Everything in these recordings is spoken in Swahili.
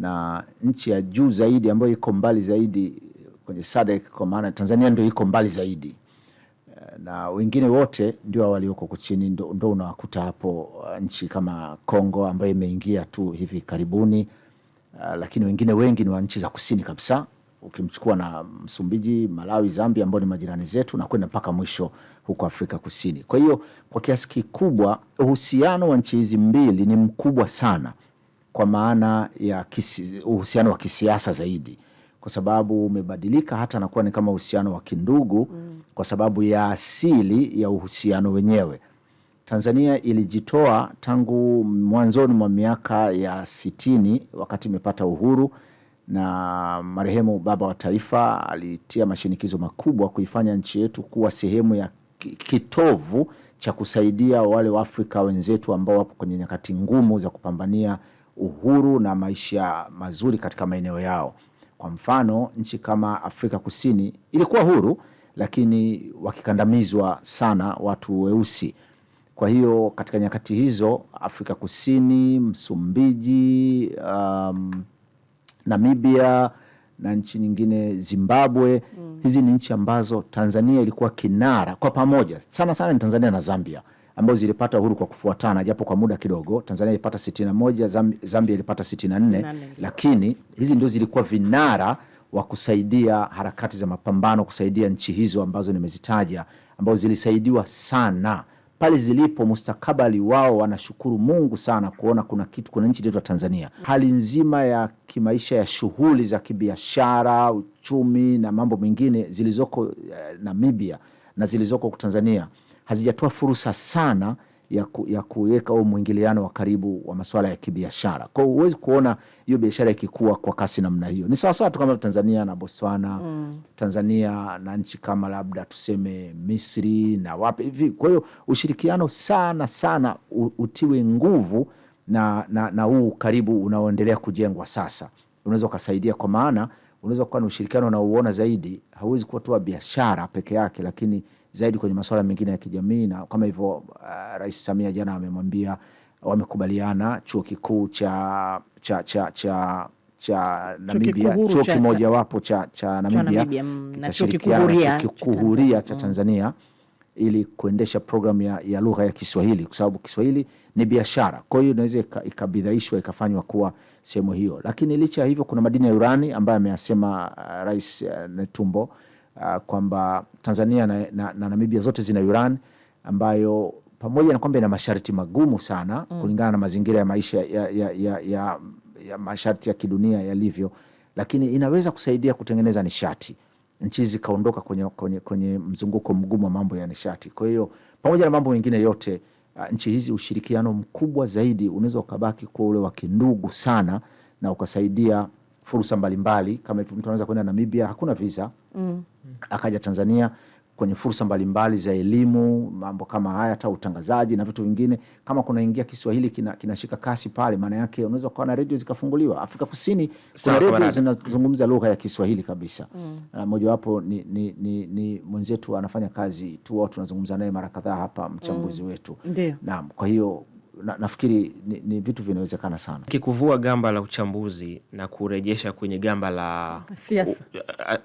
na nchi ya juu zaidi ambayo iko mbali zaidi eh, kwenye SADC kwa maana Tanzania ndio iko mbali zaidi, eh, na wengine wote ndio walioko kuchini, ndo, ndo unawakuta hapo eh, nchi kama Kongo ambayo imeingia tu hivi karibuni, lakini wengine wengi ni wa nchi za kusini kabisa, ukimchukua na Msumbiji, Malawi, Zambia ambao ni majirani zetu na kwenda mpaka mwisho huko Afrika Kusini. Kwa hiyo kwa kiasi kikubwa uhusiano wa nchi hizi mbili ni mkubwa sana kwa maana ya kisi, uhusiano wa kisiasa zaidi kwa sababu umebadilika hata nakuwa ni kama uhusiano wa kindugu mm. kwa sababu ya asili ya uhusiano wenyewe. Tanzania ilijitoa tangu mwanzoni mwa miaka ya sitini wakati imepata uhuru, na marehemu baba wa taifa alitia mashinikizo makubwa kuifanya nchi yetu kuwa sehemu ya kitovu cha kusaidia wale Waafrika wenzetu ambao wapo kwenye nyakati ngumu za kupambania uhuru na maisha mazuri katika maeneo yao. Kwa mfano, nchi kama Afrika Kusini ilikuwa huru, lakini wakikandamizwa sana watu weusi. Kwa hiyo katika nyakati hizo Afrika Kusini, Msumbiji, um, Namibia na nchi nyingine Zimbabwe, mm. Hizi ni nchi ambazo Tanzania ilikuwa kinara kwa pamoja sana sana, ni Tanzania na Zambia ambazo zilipata uhuru kwa kufuatana japo kwa muda kidogo. Tanzania ilipata 61, Zambia ilipata 64, lakini hizi ndio zilikuwa vinara wa kusaidia harakati za mapambano, kusaidia nchi hizo ambazo nimezitaja, ambazo zilisaidiwa sana pale zilipo mustakabali wao. Wanashukuru Mungu sana kuona kuna kitu, kuna nchi inaitwa Tanzania. Hali nzima ya kimaisha ya shughuli za kibiashara, uchumi na mambo mengine zilizoko eh, Namibia na zilizoko Tanzania hazijatoa fursa sana ya, ku, ya kuweka huo mwingiliano wa karibu wa masuala ya kibiashara. Kwa hiyo huwezi kuona hiyo biashara ikikua kwa kasi namna hiyo. Ni sawasawa tu kama Tanzania na Botswana mm. Tanzania na nchi kama labda tuseme Misri na wapi hivi. Kwa hiyo ushirikiano sana sana utiwe nguvu na, na, na huu karibu unaoendelea kujengwa sasa unaweza ukasaidia, kwa maana unaweza kuwa ni ushirikiano unaouona zaidi. Hauwezi kuwa tu biashara peke yake, lakini zaidi kwenye masuala mengine ya kijamii, na kama hivyo uh, Rais Samia jana amemwambia wamekubaliana chuo kikuu cha, cha, cha, cha cha Namibia chuo kimojawapo cha, cha Namibia kitashirikiana mm, chuo kikuu huria cha Tanzania mm. ili kuendesha programu ya, ya lugha ya Kiswahili kwa sababu Kiswahili ni biashara. Kwa hiyo inaweza ikabidhaishwa ikafanywa kuwa sehemu hiyo, lakini licha ya hivyo kuna madini ya urani ambayo ameyasema uh, Rais uh, Netumbo uh, kwamba Tanzania na, na, na Namibia zote zina uran ambayo pamoja na kwamba ina masharti magumu sana mm. kulingana na mazingira ya maisha ya, ya, ya, ya, ya masharti ya kidunia yalivyo, lakini inaweza kusaidia kutengeneza nishati nchi zikaondoka kwenye, kwenye, kwenye mzunguko mgumu wa mambo ya nishati. Kwa hiyo pamoja na mambo mengine yote uh, nchi hizi ushirikiano mkubwa zaidi unaweza ukabaki kuwa ule wa kindugu sana na ukasaidia fursa mbalimbali kama hivyo, mtu anaweza kwenda Namibia hakuna visa mm. akaja Tanzania kwenye fursa mbalimbali za elimu, mambo kama haya, hata utangazaji na vitu vingine. Kama kunaingia Kiswahili kinashika kina kasi pale, maana yake unaweza ukawa na redio zikafunguliwa. Afrika Kusini kuna redio zinazungumza lugha ya Kiswahili kabisa mm. mojawapo ni, ni, ni, ni mwenzetu anafanya kazi tu, tunazungumza naye mara kadhaa hapa, mchambuzi mm. wetu. Naam, kwa hiyo na, nafikiri ni, ni vitu vinawezekana sana kikuvua gamba la uchambuzi na kurejesha kwenye gamba la siasa,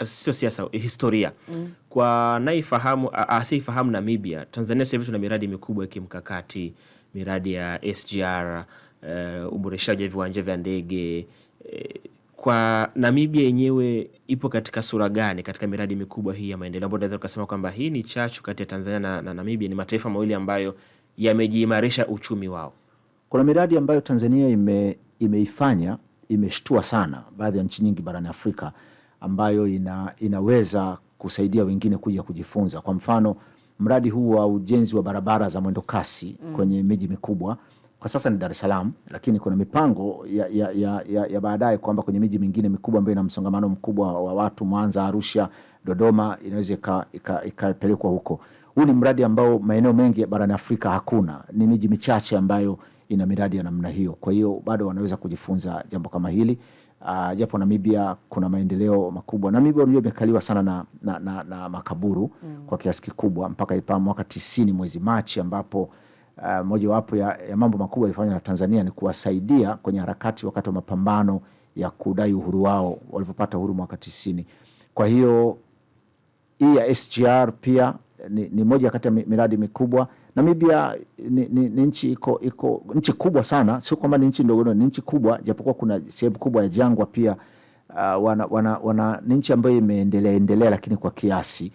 sio siasa, historia mm. Kwa naifahamu asiifahamu Namibia, Tanzania sasa hivi tuna miradi mikubwa ya kimkakati, miradi ya SGR, uh, eh, uboreshaji wa viwanja vya ndege uh, kwa Namibia yenyewe ipo katika sura gani katika miradi mikubwa hii ya maendeleo ambayo tunaweza tukasema kwamba hii ni chachu kati ya Tanzania na, na Namibia? Ni mataifa mawili ambayo yamejiimarisha uchumi wao. Kuna miradi ambayo Tanzania ime, imeifanya imeshtua sana baadhi ya nchi nyingi barani Afrika ambayo ina, inaweza kusaidia wengine kuja kujifunza. Kwa mfano mradi huu wa ujenzi wa barabara za mwendo kasi mm. kwenye miji mikubwa kwa sasa ni Dar es Salaam, lakini kuna mipango ya, ya, ya, ya, ya baadaye kwamba kwenye miji mingine mikubwa ambayo ina msongamano mkubwa wa watu, Mwanza, Arusha, Dodoma, inaweza ikapelekwa huko. Huu ni mradi ambao maeneo mengi barani Afrika hakuna, ni miji michache ambayo ina miradi ya namna hiyo. Kwa hiyo bado wanaweza kujifunza jambo kama hili. Uh, japo Namibia kuna maendeleo makubwa. Namibia unajua imekaliwa sana na, na, na, na makaburu mm. kwa kiasi kikubwa mpaka ipa mwaka tisini mwezi Machi ambapo uh, mojawapo ya, ya mambo makubwa yalifanywa na Tanzania ni kuwasaidia kwenye harakati wakati wa mapambano ya kudai uhuru wao walipopata uhuru mwaka tisini. Kwa hiyo hii ya SGR pia ni, ni moja kati ya miradi mikubwa. Namibia ni, ni, ni nchi iko, iko nchi kubwa sana, sio kwamba ni nchi ndogo, ni nchi kubwa, japokuwa kuna sehemu kubwa ya jangwa pia. Uh, wana, wana, wana ni nchi ambayo imeendelea endelea, lakini kwa kiasi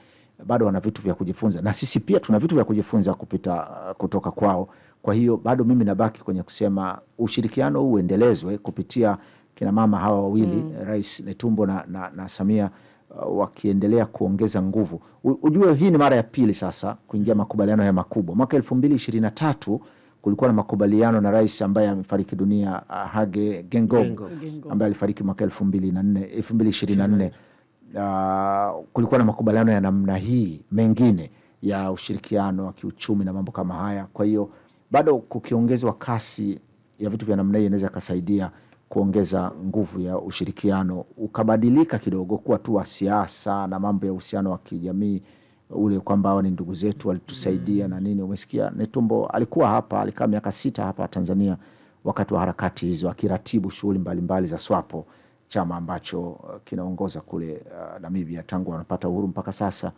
bado wana vitu vya kujifunza, na sisi pia tuna vitu vya kujifunza kupita uh, kutoka kwao. Kwa hiyo bado mimi nabaki kwenye kusema ushirikiano huu uendelezwe kupitia kina mama hawa wawili mm, Rais Netumbo na, na, na Samia uh, wakiendelea kuongeza nguvu. Ujue hii ni mara ya pili sasa kuingia makubaliano haya makubwa. Mwaka elfu mbili ishirini na tatu kulikuwa na makubaliano na rais ambaye amefariki dunia uh, Hage Geingob ambaye alifariki mwaka elfu mbili na nne elfu mbili ishirini na nne Uh, kulikuwa na makubaliano ya namna hii mengine ya ushirikiano wa kiuchumi na mambo kama haya. Kwa hiyo bado kukiongezwa kasi ya vitu vya namna hii inaweza ikasaidia kuongeza nguvu ya ushirikiano, ukabadilika kidogo kuwa tu wa siasa na mambo ya uhusiano wa kijamii ule kwamba hawa ni ndugu zetu walitusaidia mm. na nini. Umesikia Netumbo alikuwa hapa, alikaa miaka sita hapa Tanzania wakati wa harakati hizo, akiratibu shughuli mbalimbali za SWAPO, chama ambacho kinaongoza kule uh, Namibia tangu wanapata uhuru mpaka sasa.